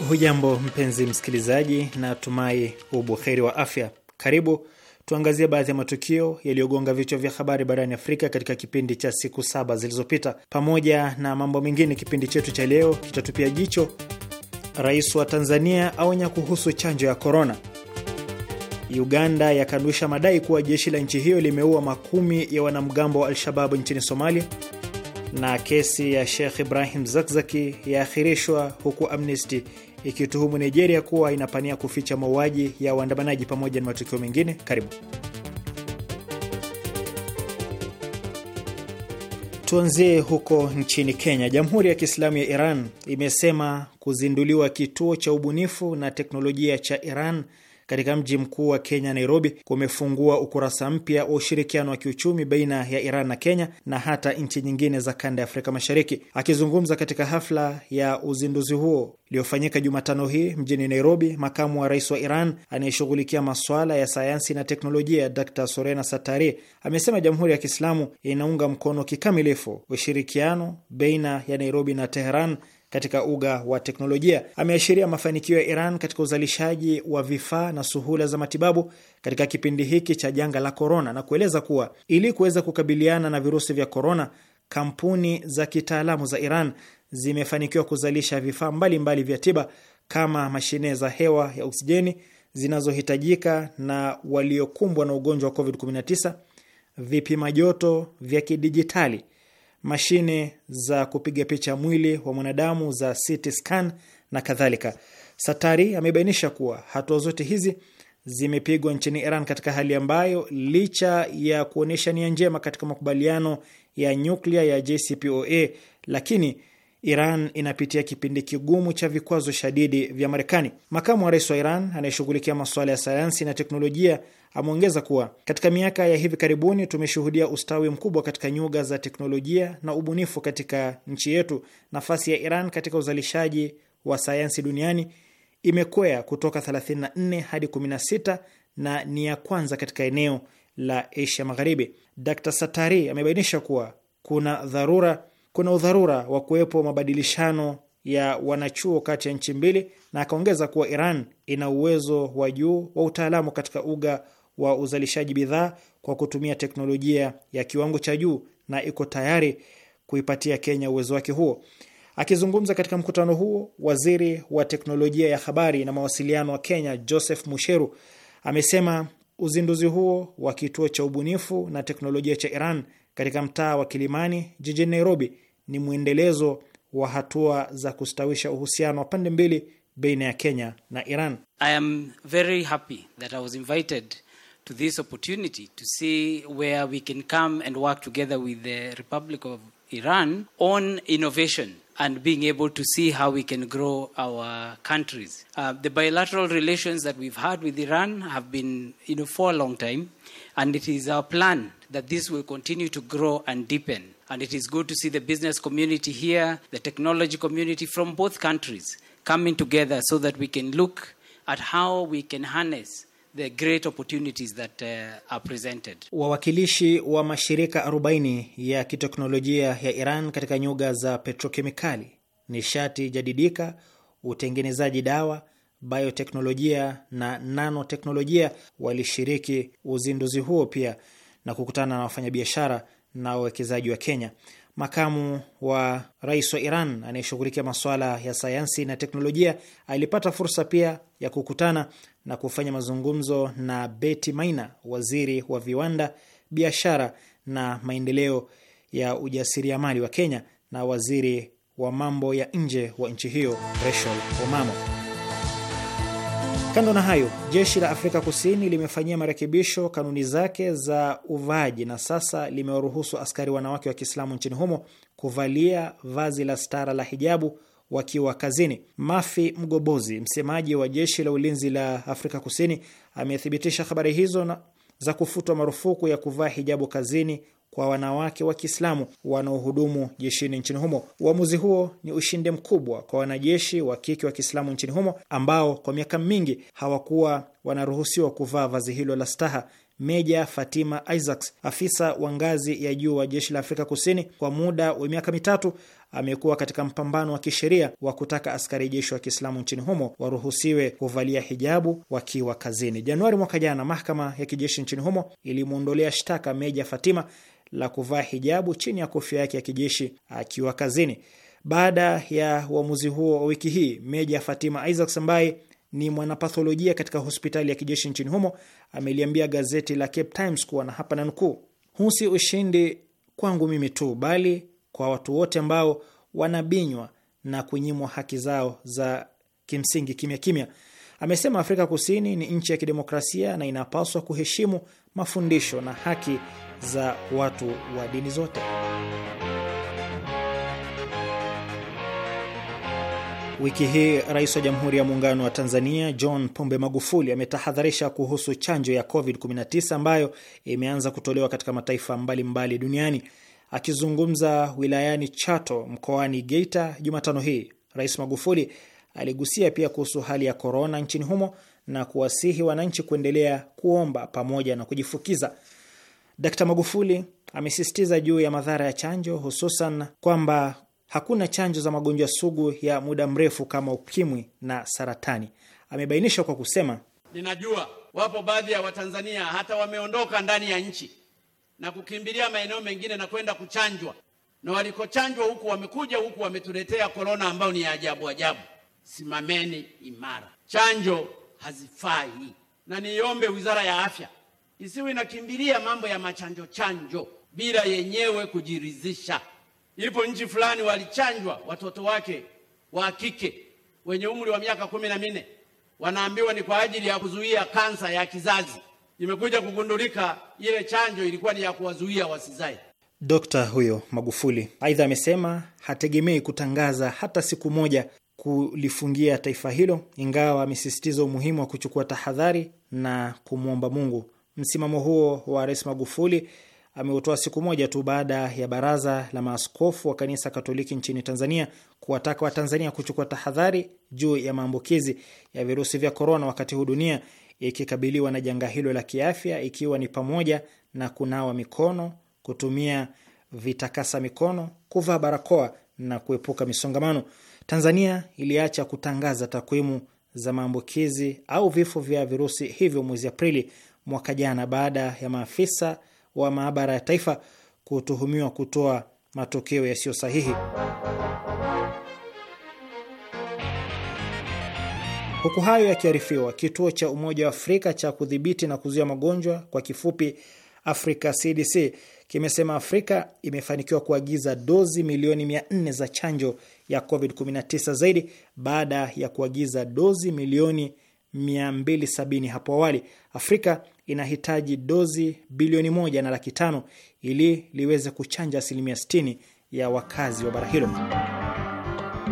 S1: Hujambo mpenzi msikilizaji, na tumai ubuheri wa afya. Karibu tuangazie baadhi ya matukio yaliyogonga vichwa vya habari barani Afrika katika kipindi cha siku saba zilizopita. Pamoja na mambo mengine, kipindi chetu cha leo kitatupia jicho rais wa Tanzania aonya kuhusu chanjo ya korona, Uganda yakanusha madai kuwa jeshi la nchi hiyo limeua makumi ya wanamgambo wa Al-Shababu nchini Somalia, na kesi ya Sheikh Ibrahim Zakzaki yaahirishwa huku Amnesty ikituhumu Nigeria kuwa inapania kuficha mauaji ya waandamanaji pamoja na matukio mengine. Karibu tuanzie huko nchini Kenya. Jamhuri ya Kiislamu ya Iran imesema kuzinduliwa kituo cha ubunifu na teknolojia cha Iran katika mji mkuu wa Kenya, Nairobi, kumefungua ukurasa mpya wa ushirikiano wa kiuchumi baina ya Iran na Kenya na hata nchi nyingine za kanda ya Afrika Mashariki. Akizungumza katika hafla ya uzinduzi huo iliyofanyika Jumatano hii mjini Nairobi, makamu wa rais wa Iran anayeshughulikia masuala ya sayansi na teknolojia Dr Sorena Satari amesema Jamhuri ya Kiislamu inaunga mkono kikamilifu ushirikiano baina ya Nairobi na Teheran katika uga wa teknolojia. Ameashiria mafanikio ya Iran katika uzalishaji wa vifaa na suhula za matibabu katika kipindi hiki cha janga la korona, na kueleza kuwa ili kuweza kukabiliana na virusi vya korona, kampuni za kitaalamu za Iran zimefanikiwa kuzalisha vifaa mbalimbali vya tiba kama mashine za hewa ya oksijeni zinazohitajika na waliokumbwa na ugonjwa wa COVID-19, vipima joto vya kidijitali mashine za kupiga picha mwili wa mwanadamu za CT scan na kadhalika. Satari amebainisha kuwa hatua zote hizi zimepigwa nchini Iran katika hali ambayo licha ya kuonyesha nia njema katika makubaliano ya nyuklia ya JCPOA, lakini Iran inapitia kipindi kigumu cha vikwazo shadidi vya Marekani. Makamu wa rais wa Iran anayeshughulikia masuala ya sayansi na teknolojia Ameongeza kuwa katika miaka ya hivi karibuni tumeshuhudia ustawi mkubwa katika nyuga za teknolojia na ubunifu katika nchi yetu. Nafasi ya Iran katika uzalishaji wa sayansi duniani imekwea kutoka 34 hadi 16 na ni ya kwanza katika eneo la Asia Magharibi. Dr. Satari amebainisha kuwa kuna dharura, kuna udharura wa kuwepo mabadilishano ya wanachuo kati ya nchi mbili, na akaongeza kuwa Iran ina uwezo wa juu wa utaalamu katika uga wa uzalishaji bidhaa kwa kutumia teknolojia ya kiwango cha juu na iko tayari kuipatia Kenya uwezo wake huo. Akizungumza katika mkutano huo, waziri wa teknolojia ya habari na mawasiliano wa Kenya Joseph Musheru amesema uzinduzi huo wa kituo cha ubunifu na teknolojia cha Iran katika mtaa wa Kilimani jijini Nairobi ni mwendelezo wa hatua za kustawisha uhusiano wa pande mbili baina ya Kenya na Iran. I am very happy that I was invited to this opportunity to see where we can come and work together with the Republic of Iran on innovation and being able to see how we can grow our countries. Uh, the bilateral relations that we've had with Iran have been, you know, for a long time, and it is our plan that this will continue to grow and deepen. And it is good to see the business community here, the technology community from both countries coming together so that we can look at how we can harness the great opportunities that uh, are presented. Wawakilishi wa mashirika 40 ya kiteknolojia ya Iran katika nyuga za petrokemikali, nishati jadidika, utengenezaji dawa, bioteknolojia na nanoteknolojia walishiriki uzinduzi huo pia na kukutana na wafanyabiashara na wawekezaji wa Kenya makamu wa rais wa Iran anayeshughulikia masuala ya sayansi na teknolojia alipata fursa pia ya kukutana na kufanya mazungumzo na Beti Maina, waziri wa viwanda, biashara na maendeleo ya ujasiriamali wa Kenya na waziri wa mambo ya nje wa nchi hiyo Rachel Omamo. Kando na hayo, jeshi la Afrika Kusini limefanyia marekebisho kanuni zake za uvaaji na sasa limewaruhusu askari wanawake wa Kiislamu nchini humo kuvalia vazi la stara la hijabu wakiwa kazini. Mafi Mgobozi, msemaji wa jeshi la ulinzi la Afrika Kusini, amethibitisha habari hizo na za kufutwa marufuku ya kuvaa hijabu kazini kwa wanawake wa Kiislamu wanaohudumu jeshini nchini humo. Uamuzi huo ni ushindi mkubwa kwa wanajeshi wa kike wa Kiislamu nchini humo ambao kwa miaka mingi hawakuwa wanaruhusiwa kuvaa vazi hilo la staha. Meja Fatima Isaacs, afisa wa ngazi ya juu wa jeshi la Afrika Kusini, kwa muda wa miaka mitatu amekuwa katika mpambano wa kisheria wa kutaka askari jeshi wa Kiislamu nchini humo waruhusiwe kuvalia hijabu wakiwa kazini. Januari mwaka jana, mahakama ya kijeshi nchini humo ilimwondolea shtaka Meja Fatima la kuvaa hijabu chini ya kofia yake ya kijeshi akiwa kazini. Baada ya uamuzi huo wa wiki hii, Meja Fatima Isaacs ambaye ni mwanapatholojia katika hospitali ya kijeshi nchini humo ameliambia gazeti la Cape Times kuwa na hapa na nukuu, huu si ushindi kwangu mimi tu, bali kwa watu wote ambao wanabinywa na kunyimwa haki zao za kimsingi kimya kimya. Amesema Afrika Kusini ni nchi ya kidemokrasia na inapaswa kuheshimu mafundisho na haki za watu wa dini zote. Wiki hii Rais wa Jamhuri ya Muungano wa Tanzania John Pombe Magufuli ametahadharisha kuhusu chanjo ya COVID-19 ambayo imeanza kutolewa katika mataifa mbalimbali mbali duniani. Akizungumza wilayani Chato mkoani Geita Jumatano hii, Rais Magufuli aligusia pia kuhusu hali ya korona nchini humo na kuwasihi wananchi kuendelea kuomba pamoja na kujifukiza. Dkt Magufuli amesisitiza juu ya madhara ya chanjo, hususan kwamba hakuna chanjo za magonjwa sugu ya muda mrefu kama ukimwi na saratani. Amebainisha kwa kusema,
S3: ninajua wapo baadhi ya Watanzania hata wameondoka ndani ya nchi na kukimbilia maeneo mengine na kwenda kuchanjwa, na walikochanjwa huku wamekuja huku wametuletea korona ambayo ni ya ajabu ajabu. Simameni imara, chanjo hazifai. Na niombe wizara ya afya isiwe inakimbilia mambo ya machanjo chanjo bila yenyewe kujiridhisha. Ilipo nchi fulani walichanjwa watoto wake wa kike wenye umri wa miaka kumi na minne wanaambiwa ni kwa ajili ya kuzuia kansa ya kizazi. Imekuja kugundulika ile chanjo ilikuwa ni ya kuwazuia wasizae.
S1: Dokta huyo Magufuli aidha amesema hategemei kutangaza hata siku moja kulifungia taifa hilo, ingawa amesisitiza umuhimu wa kuchukua tahadhari na kumwomba Mungu Msimamo huo wa Rais Magufuli ameutoa siku moja tu baada ya baraza la maaskofu wa kanisa Katoliki nchini Tanzania kuwataka Watanzania kuchukua tahadhari juu ya maambukizi ya virusi vya korona, wakati huu dunia ikikabiliwa na janga hilo la kiafya, ikiwa ni pamoja na kunawa mikono, kutumia vitakasa mikono, kuvaa barakoa na kuepuka misongamano. Tanzania iliacha kutangaza takwimu za maambukizi au vifo vya virusi hivyo mwezi Aprili mwaka jana baada ya maafisa wa maabara ya taifa kutuhumiwa kutoa matokeo yasiyo sahihi. Huku hayo yakiarifiwa, kituo cha Umoja wa Afrika cha kudhibiti na kuzuia magonjwa kwa kifupi Africa CDC kimesema Afrika imefanikiwa kuagiza dozi milioni 400 za chanjo ya COVID-19 zaidi baada ya kuagiza dozi milioni 270 hapo awali. Afrika inahitaji dozi bilioni moja na laki tano ili liweze kuchanja asilimia 60 ya wakazi wa bara hilo.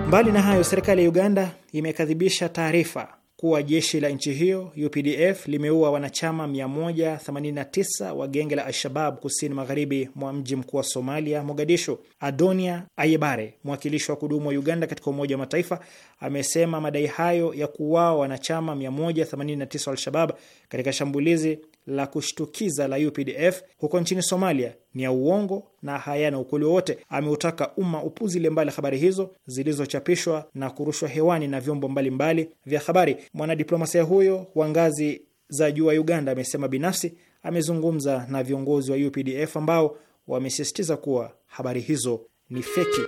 S1: Mbali na hayo, serikali ya Uganda imekadhibisha taarifa kuwa jeshi la nchi hiyo UPDF limeua wanachama 189 wa genge la Al-Shabab kusini magharibi mwa mji mkuu wa Somalia, Mogadishu. Adonia Ayebare, mwakilishi wa kudumu wa Uganda katika Umoja wa Mataifa, amesema madai hayo ya kuuawa wanachama 189 wa Al-Shabab katika shambulizi la kushtukiza la UPDF huko nchini Somalia ni ya uongo na hayana ukweli wowote. Ameutaka umma upuzile mbali habari hizo zilizochapishwa na kurushwa hewani na vyombo mbalimbali mbali vya habari. Mwanadiplomasia huyo wa ngazi za juu wa Uganda amesema binafsi amezungumza na viongozi wa UPDF ambao wamesisitiza kuwa habari hizo ni feki.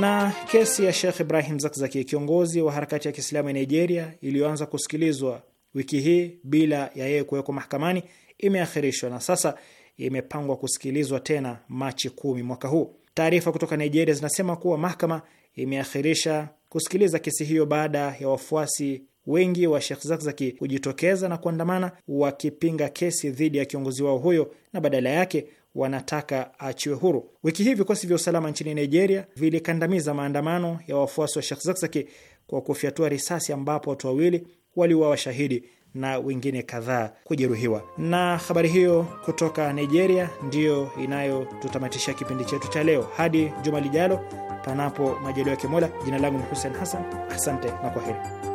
S1: Na kesi ya Sheikh Ibrahim Zakzaki, kiongozi wa harakati ya Kiislamu ya Nigeria, iliyoanza kusikilizwa wiki hii bila ya yeye kuwekwa mahakamani imeakhirishwa na sasa imepangwa kusikilizwa tena Machi kumi mwaka huu. Taarifa kutoka Nigeria zinasema kuwa mahakama imeakhirisha kusikiliza kesi hiyo baada ya wafuasi wengi wa Sheikh Zakzaki kujitokeza na kuandamana wakipinga kesi dhidi ya kiongozi wao huyo na badala yake wanataka achiwe huru. Wiki hii vikosi vya usalama nchini Nigeria vilikandamiza maandamano ya wafuasi wa Sheikh Zakzaki kwa kufyatua risasi ambapo watu wawili waliuawa shahidi na wengine kadhaa kujeruhiwa. Na habari hiyo kutoka Nigeria ndiyo inayotutamatisha kipindi chetu cha leo. Hadi juma lijalo, panapo majaliwa ya kimola Jina langu ni Hussein Hassan, asante na kwa heri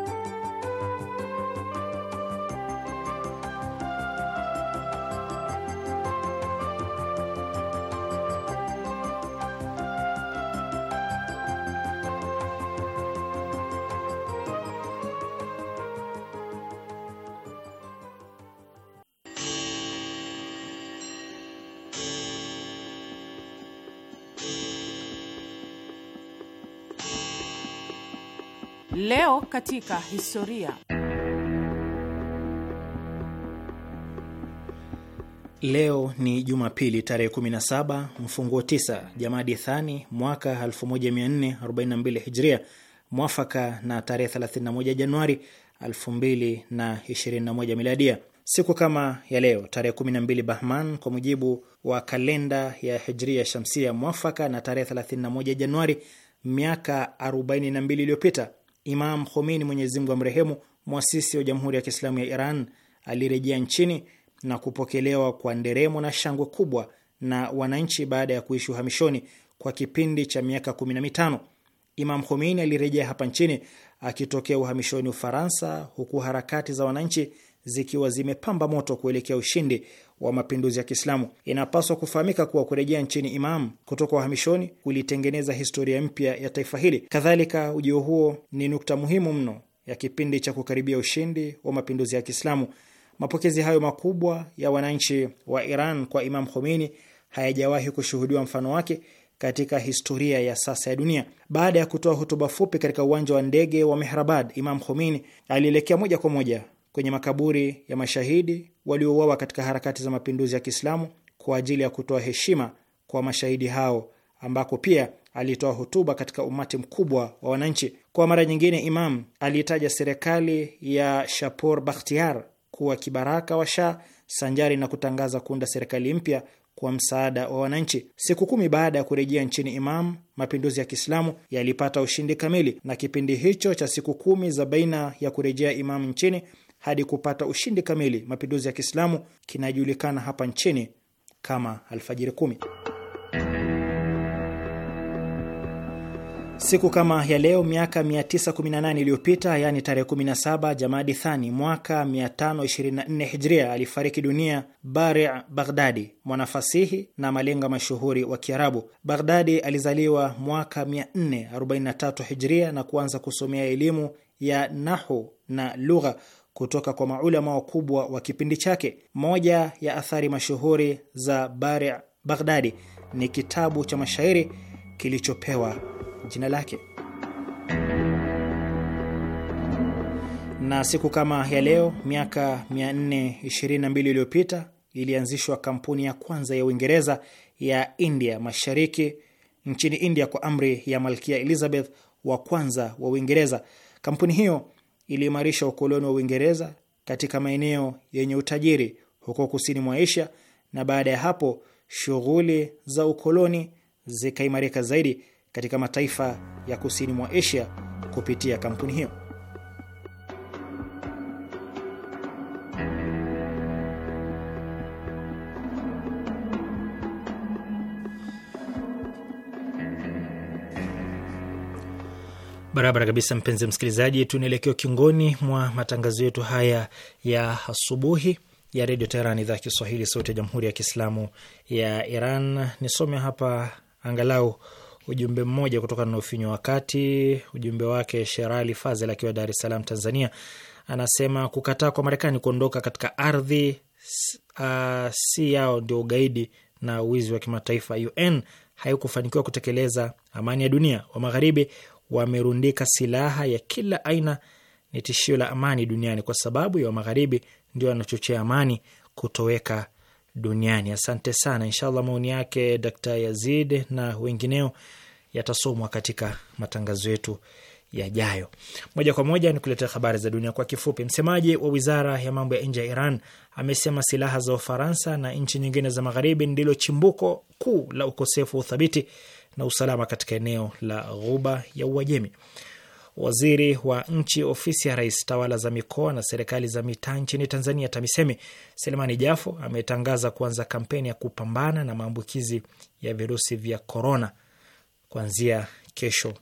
S2: katika historia.
S1: Leo ni Jumapili tarehe 17 mfunguo 9 Jamadi Thani mwaka 1442 Hijria, mwafaka na tarehe 31 Januari 2021 Miladia. Siku kama ya leo tarehe 12 Bahman kwa mujibu wa kalenda ya Hijria Shamsia, mwafaka na tarehe 31 Januari miaka 42 iliyopita Imam Khomeini, Mwenyezi Mungu amrehemu, mwasisi wa Jamhuri ya Kiislamu ya Iran, alirejea nchini na kupokelewa kwa nderemo na shangwe kubwa na wananchi baada ya kuishi uhamishoni kwa kipindi cha miaka mitano. Imam Khomeini alirejea hapa nchini akitokea uhamishoni Ufaransa, huku harakati za wananchi zikiwa zimepamba moto kuelekea ushindi wa mapinduzi ya Kiislamu. Inapaswa kufahamika kuwa kurejea nchini Imam kutoka uhamishoni kulitengeneza historia mpya ya taifa hili. Kadhalika, ujio huo ni nukta muhimu mno ya kipindi cha kukaribia ushindi wa mapinduzi ya Kiislamu. Mapokezi hayo makubwa ya wananchi wa Iran kwa Imam Khomeini hayajawahi kushuhudiwa mfano wake katika historia ya sasa ya dunia. Baada ya kutoa hotuba fupi katika uwanja wa ndege wa Mehrabad, Imam Khomeini alielekea moja kwa moja kwenye makaburi ya mashahidi waliouawa katika harakati za mapinduzi ya Kiislamu kwa ajili ya kutoa heshima kwa mashahidi hao, ambako pia alitoa hotuba katika umati mkubwa wa wananchi. Kwa mara nyingine, Imam aliitaja serikali ya Shapor Bakhtiar kuwa kibaraka wa Shah sanjari na kutangaza kuunda serikali mpya kwa msaada wa wananchi. Siku kumi baada ya kurejea nchini Imam, mapinduzi ya Kiislamu yalipata ushindi kamili, na kipindi hicho cha siku kumi za baina ya kurejea Imam nchini hadi kupata ushindi kamili mapinduzi ya Kiislamu kinajulikana hapa nchini kama Alfajiri Kumi. Siku kama ya leo miaka 918 iliyopita, yaani tarehe 17 Jamadi Thani mwaka 524 Hijria, alifariki dunia Bari Baghdadi, mwanafasihi na malenga mashuhuri wa Kiarabu. Baghdadi alizaliwa mwaka 443 Hijria na kuanza kusomea elimu ya nahu na lugha kutoka kwa maulama wakubwa wa kipindi chake. Moja ya athari mashuhuri za Bari Baghdadi ni kitabu cha mashairi kilichopewa jina lake. Na siku kama ya leo miaka 422 iliyopita ilianzishwa kampuni ya kwanza ya Uingereza ya India Mashariki nchini India kwa amri ya Malkia Elizabeth wa kwanza wa Uingereza. Kampuni hiyo iliimarisha ukoloni wa Uingereza katika maeneo yenye utajiri huko kusini mwa Asia, na baada ya hapo shughuli za ukoloni zikaimarika zaidi katika mataifa ya kusini mwa Asia kupitia kampuni hiyo. Barabara kabisa, mpenzi msikilizaji, tunaelekea kiongoni mwa matangazo yetu haya ya asubuhi ya redio Teheran, idhaa ya Kiswahili, sauti ya jamhuri ya kiislamu ya Iran. Nisome hapa angalau ujumbe mmoja kutoka ufinywa wakati. Ujumbe wake Sherali Fazel akiwa Dar es Salaam, Tanzania, anasema kukataa kwa Marekani kuondoka katika ardhi uh, si yao ndio ugaidi na wizi wa kimataifa. UN haikufanikiwa kutekeleza amani ya dunia. Wa magharibi wamerundika silaha ya kila aina ni tishio la amani duniani, kwa sababu ya magharibi ndio wanachochea amani kutoweka duniani. Asante sana. Inshallah maoni yake Dr. Yazid na wengineo yatasomwa katika matangazo yetu yajayo. Moja kwa moja ni kuletea habari za dunia kwa kifupi. Msemaji wa wizara ya mambo ya nje ya Iran amesema silaha za Ufaransa na nchi nyingine za magharibi ndilo chimbuko kuu la ukosefu wa uthabiti na usalama katika eneo la Ghuba ya Uajemi. Waziri wa nchi ofisi ya rais tawala za mikoa na serikali za mitaa nchini Tanzania, TAMISEMI, Selemani Jafo ametangaza kuanza kampeni ya kupambana na maambukizi ya virusi vya korona kuanzia kesho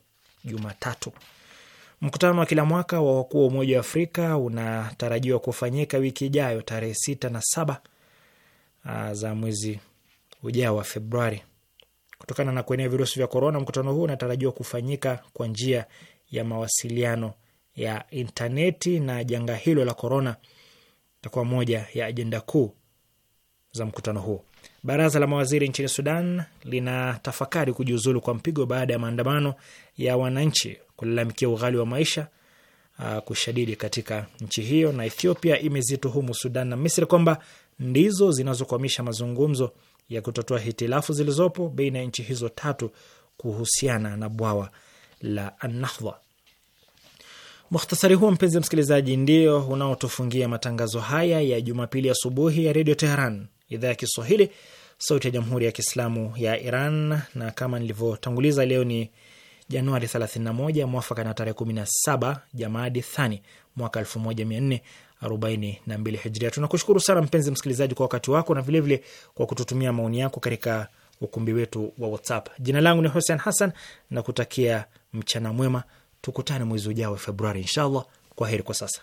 S1: Jumatatu. Mkutano wa kila mwaka wa wakuu wa Umoja wa Afrika unatarajiwa kufanyika wiki ijayo tarehe sita na saba ah, za mwezi ujao wa Februari. Kutokana na kuenea virusi vya korona, mkutano huu unatarajiwa kufanyika kwa njia ya mawasiliano ya intaneti, na janga hilo la korona itakuwa moja ya ajenda kuu za mkutano huo. Baraza la mawaziri nchini Sudan lina tafakari kujiuzulu kwa mpigo baada ya maandamano ya wananchi kulalamikia ughali wa maisha uh, kushadidi katika nchi hiyo. Na Ethiopia imezituhumu Sudan na Misri kwamba ndizo zinazokwamisha mazungumzo ya kutatua hitilafu zilizopo baina ya nchi hizo tatu kuhusiana na bwawa la Anahdha. Mukhtasari huo mpenzi msikilizaji, ndio unaotufungia matangazo haya ya Jumapili asubuhi ya, ya Redio Teheran, idhaa ya Kiswahili, sauti ya Jamhuri ya Kiislamu ya Iran. Na kama nilivyotanguliza, leo ni Januari 31 mwafaka na tarehe 17 Jamadi Thani mwaka 42 Hijria. Tunakushukuru sana mpenzi msikilizaji kwa wakati wako na vilevile vile kwa kututumia maoni yako katika ukumbi wetu wa WhatsApp. Jina langu ni Hussein Hassan na kutakia mchana mwema, tukutane mwezi ujao Februari inshallah. Kwa heri kwa sasa.